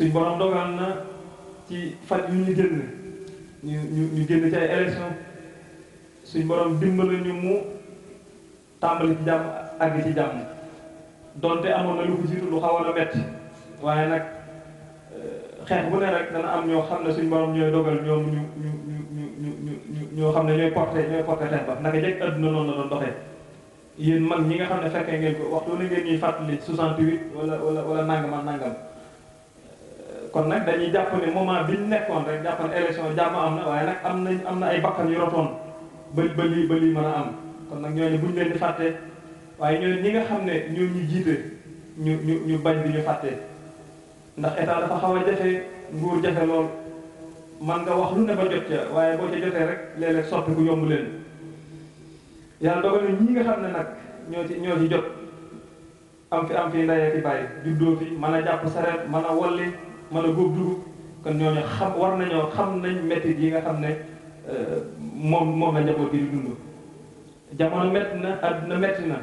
suñ borom dogal na ci faj yu ñu génn ñu ñu ñu génn ci ay suñ borom dimbali ñu mu tàmbali ci jàmm àgg ci amoon na lu ko jiitu lu xaw a metti waaye nag euh, xeex bu ne rek dana am ñoo xam ne suñ borom ñooy dogal ñoom ñu ñu ñu ñu ñu ñoo xam ne ñooy porté ñooy porté xeex ba naka jëkk àdduna noonu la doon doxee yéen mag ñi nga xam ne fekkee ngeen ko waxtu ne ngeen ñuy fàttali 68 wala wala wala nangam ak nangam. kon nag dañuy jàpp ne moment bi ñu nekkoon rek jàpp ne élection jàmm am na am nañ am na ay bakkan yu rotoon ba ba kon nag ñooñu buñ leen di fàtte waaye ñooñu ñi nga xam ne ñoom ñu jiite ñu ñu ñu bañ bi ñu fàtte ndax état xaw a jafe nguur jafe lool man nga wax lu ne ba jot ca waaye boo ca jotee rek léeg-léeg soppi ku yomb leen yàlla dogal na ñi nga xam ne nag ñoo ci ñoo ci jot am fi am fi ndayee fi bàyyi juddoo fi mën a jàpp sareet mën a wolli mën a góob dugub kon ñooñu xam war nañoo xam nañ métti yi nga xam ne euh, moom moom la njaboot gi di dund jamono métti na àdduna métti na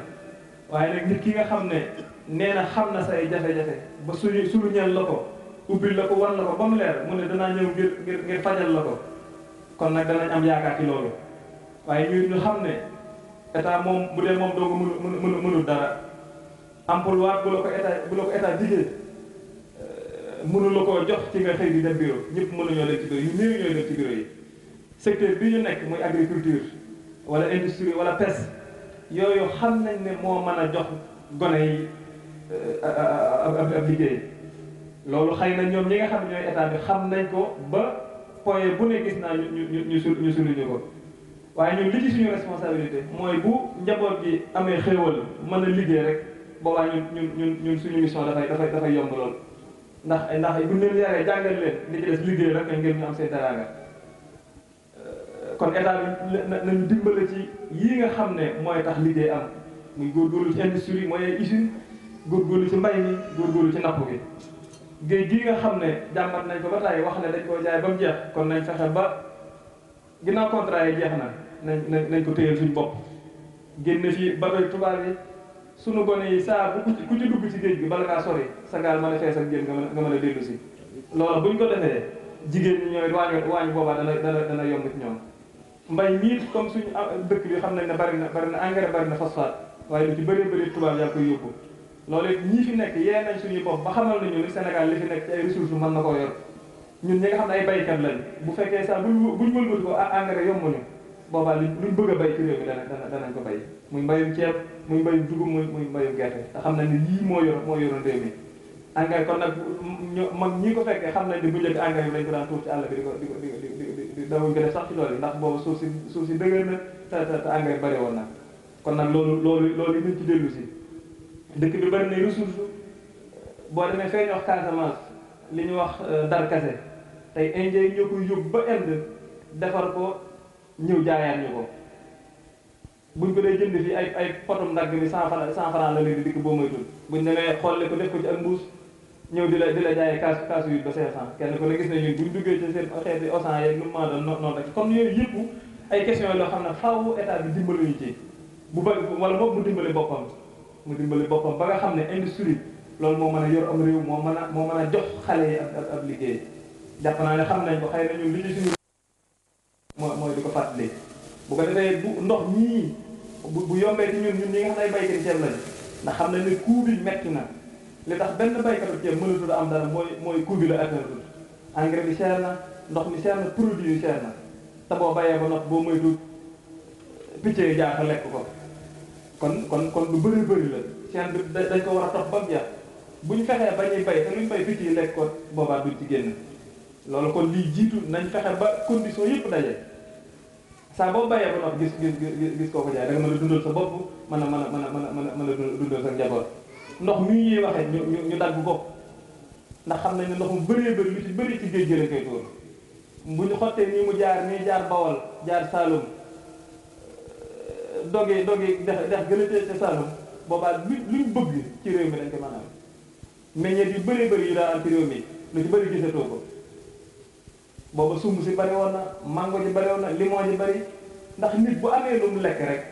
waaye nag nit ki nga xam ne nee na xam na say jafe-jafe ba suñu suñu ñeel la ko ubbil la ko war la ko ba mu leer mu ne danaa ñëw ngir ngir ngir fajal la ko kon nag danañ am yaakaar ci loolu waaye ñu ñu xam ne état moom bu dee moom doogu mënu mënu mënul dara emploi bu la ko état bu la mënu la koo jox ci nga xëy di dem bureau ñëpp mënuñoo dem ci bureau yu néew ñooy dem ci bureau yi secteur bi ñu nekk muy agriculture wala industrie wala pêche yooyu xam nañ ne moo mën a jox gone yi euh, ab ab liggéey loolu xëy na ñoom ñi nga xam ñooy état bi xam nañ ko ba poye bu ne gis naa ñu ñu ñu su ñu suluñu ko waaye ñu li suñu responsabilité mooy bu njaboot gi amee xéewal mën a liggéey rek boobaa ñun ñun ñun ñun suñu mission dafay dafay dafay yomb loolu ndax ndax buñ leen yaree jàngal leen li ci des liggéey nag ngeen ñu am seen teraanga euh, kon état bi nañu dimbale ci yii nga xam ne mooy tax liggéey am muy góorgóorlu ci industrie mooy ay usine góorgóorlu ci mbay mi góorgóorlu ci napp gi géej gii nga xam ne jàmbat nañ ko ba tàyyi wax ne dañ koo jaay ba mu jeex kon nañ fexe ba ginnaaw contrat yi jeex na nañ nañ ko téyal suñu bopp génn fii bateau tubaab yi sunu gone yi saa bu ku ci dugg ci géej gi bala ngaa sori sa gaal mën a fees ak jën nga mën nga mën a dellu si loolu buñ ko defee jigéen ñi ñooy waañu waañu boobaa dana dana dana yomb ci ñoom mbay miit comme suñu ah, dëkk bi xam nañ ne bari na bari na engrais bari na phosphate waaye lu ci bëree bëri tubaab yaa koy yóbbu loolu it fi nekk yee nañ suñuy bopp ba xamal nañu ni Sénégal li fi nekk ci ay ressources mën na koo yor ñun ñi nga xam ne ay baykat lañ bu fekkee saa buñ buñ wëlbati ko ah, engrais boobaa luñ luñ bëgg a béy ci réew mi dana dana danañ ko béy muy mbayum ceeb muy mbayum dugub muy muy mbayum gerte te xam na ne lii moo yor moo yoroon réew mi engrais kon nag mag ñi ko fekkee xam nañ ne bu njëkk engrais bi di ko di ko di di di dawuñ ko def sax si suuf si dëgër na te te te woon na kon nag loolu loolu loolu nañ ci dellu si dëkk bi bëri na ressource boo demee fee ñu wax li ñu wax euh, Darkase tey indien ñoo koy yóbbu ba defar ko ñëw jaayaat ñu ko buñ ko dee jënd fii ay ay potum ndagg mi cent franc cent franc la léegi dikk boo moytul buñ demee xolle ko def ko ci ak mbuus ñëw di la di la jaayee kaas kaasu yu ba cinq cent kenn ku ne gis na ñun buñ duggee ci seen xeeti osan yeeg nu mu mën a doon noonu rek comme yooyu yëpp ay question yi loo xam ne faaw état bi dimbaluñu ci bu bëri wala moom mu dimbali boppam mu dimbali boppam ba nga xam ne industrie loolu moo mën a yor am moo mën a moo mën a jox xale yi ab liggéey jàpp naa ne xam nañ ko xëy na di ko fàttali bu ko defee bu ndox ñii bu bu yombee ci ñun ñun ñi nga xam ne ay béykatu ceeb lañ ndax xam nañ ne coût bi metti na li tax benn béykatu ceeb mënatul am dara mooy mooy coût bi la engrais bi cher na ndox mi cher na produit yi cher na te boo bayee ba noppi boo moytu picc yi jaar lekk ko kon kon kon lu bëri bëri la seen bi dañ ko war a topp ba mu jeex bu ñu fexee ba ñuy bay te luñ bay picc lekk ko boobaa du ci génn loolu kon lii jiitu nañ fexe ba condition yëpp daje. saa boo bàyyee ba gis gis gis koo ko jaay da nga mën a dundal sa bopp mën a mën a mën a mën a mën a dundal sa njaboot ndox mi ñuy waxee ñu ñu ñu dagg ko ndax xam nañ ne ndox mu bëree bëri lu ci bëri ci géej gi lañ koy tuur bu ñu xottee nii mu jaar nii jaar Bawol jaar Saloum euh, doge doge dex dex gën a tee ci Saloum boobaa lu luñ bëgg ci réew mi dañ ko mën a am meññeet yu bëree bëri yu daa am ci réew mi lu ci bëri gisatoo ko. booba sumb si bari woon na mango ji bari woon na limoo ji bari ndax nit bu amee lu mu lekk rek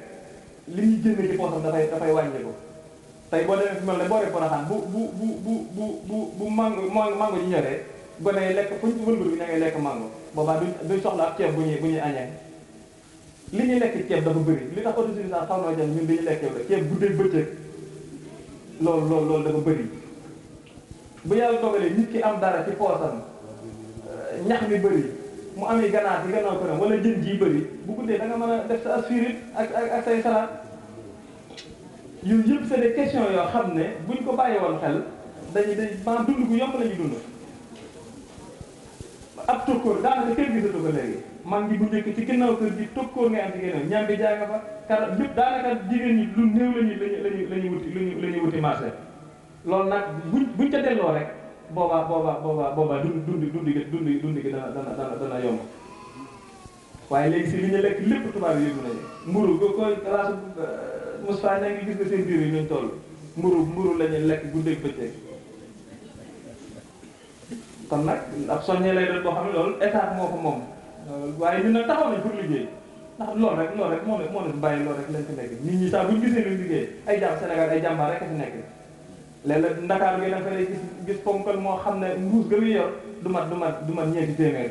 li ñuy jënd ci poosam dafay dafay wàññi ko tey boo demee fi mel ne boo dee poroxaan bu bu bu bu bu bu bu mango mango ji ñoree gone yi lekk fuñ wëlbër bi ña ngay lekk mango boobaa duñ duñ soxla ab ceeb bu ñuy bu ñuy añee li ñuy lekk ceeb dafa bëri li tax autosuffisance xaw noo jëm ñun dañuy lekk ceeb ceeb guddee bëccëg loolu loolu loolu dafa bëri bu yàlla dogalee nit ki am dara ci poosam ñax mi bëri mu amee ganaar ci gannaaw këram wala jën ji bëri bu guddee da nga mën a def sa asfirit ak ak ak say salaat yooyu yëpp c'est des question yoo xam ne buñ ko bàyyi woon xel dañu day maa dund gu yomb la ñu dund ab tokkóor daanaka kër gisatu a léegi man gi bu njëkk ci ginnaaw kër gi tokkóor ngay am ci ginnaaw ñam jaa nga fa kara yëpp daanaka jigéen yi lu néew la ñu lañu lañu la ñu wuti la marché loolu nag buñ buñ ca delloo rek boobaa boobaa boobaa boobaa dund dund dund gi dund dund gi dana dana dana dana yomb waaye léegi si li ñu lekk lépp tubaab yi yëngu nañu mburu ko koy classe euh, Moussa na ngi gis nga seen biir yi ñu toll mburu mburu la ñu lekk guddeeg bëccëg kon nag ab soññee lay doon boo xam ne loolu état moo ko moom euh, waaye ñun nag taxaw nañ pour liggéey ndax loolu rek loolu rek moo ne moo ne bàyyi loolu rek lañ fi nekk nit ñi saa buñ gisee luñ liggéey ay jàmm Sénégal ay jàmbaar rek a fi nekk léeg-léeg ndakaar gi da nga fay gis gis ponkal moo xam ne mbuus ga muy yor du mat du mat du mat ñeenti téeméer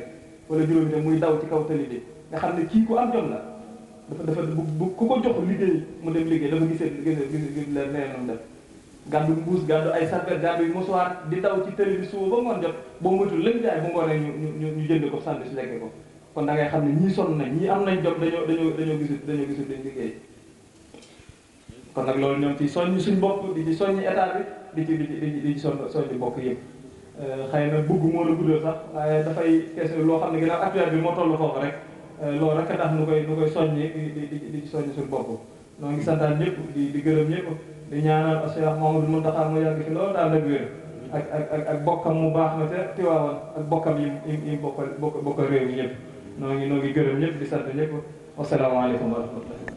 wala juróomi te muy daw ci kaw tali bi nga xam ne kii ku am jom la dafa dafa bu ku ko jox liggéey mu dem liggéey dafa gisee gisee gis la neenam def gàddu mbuus gàddu ay sarbet gàddu yu mosuwaat di daw ci tali bi suba ba ngoon jot ba moytul lañ jaay bu ngoonee ñu ñu ñu jënd ko sandwich lekk ko kon da ngay xam ne ñii sonn nañ ñii am nañ jom dañoo dañoo dañoo gisul dañoo gisul dañ liggéey kon nag loolu ñoom ci soññ suñ bopp di ci soññ état bi di ci di ci di ci soññ mbokk yëpp euh, xëy na bëgg moo la guddal sax waaye dafay question loo xam ne ginnaaw bi moo toll foofu rek euh, loolu a tax nu koy nu koy soññi di di di di gërëm ñëpp di ñaanal Cheikh Mamadou Mountakha mu yàgg fi ak ak bokkam mu baax na te Tiwaawan ak bokkam yi yi yi bokkal bokkal réew mi ñëpp noo ngi noo ngi gërëm ñëpp di sant ñëpp wasalaamaaleykum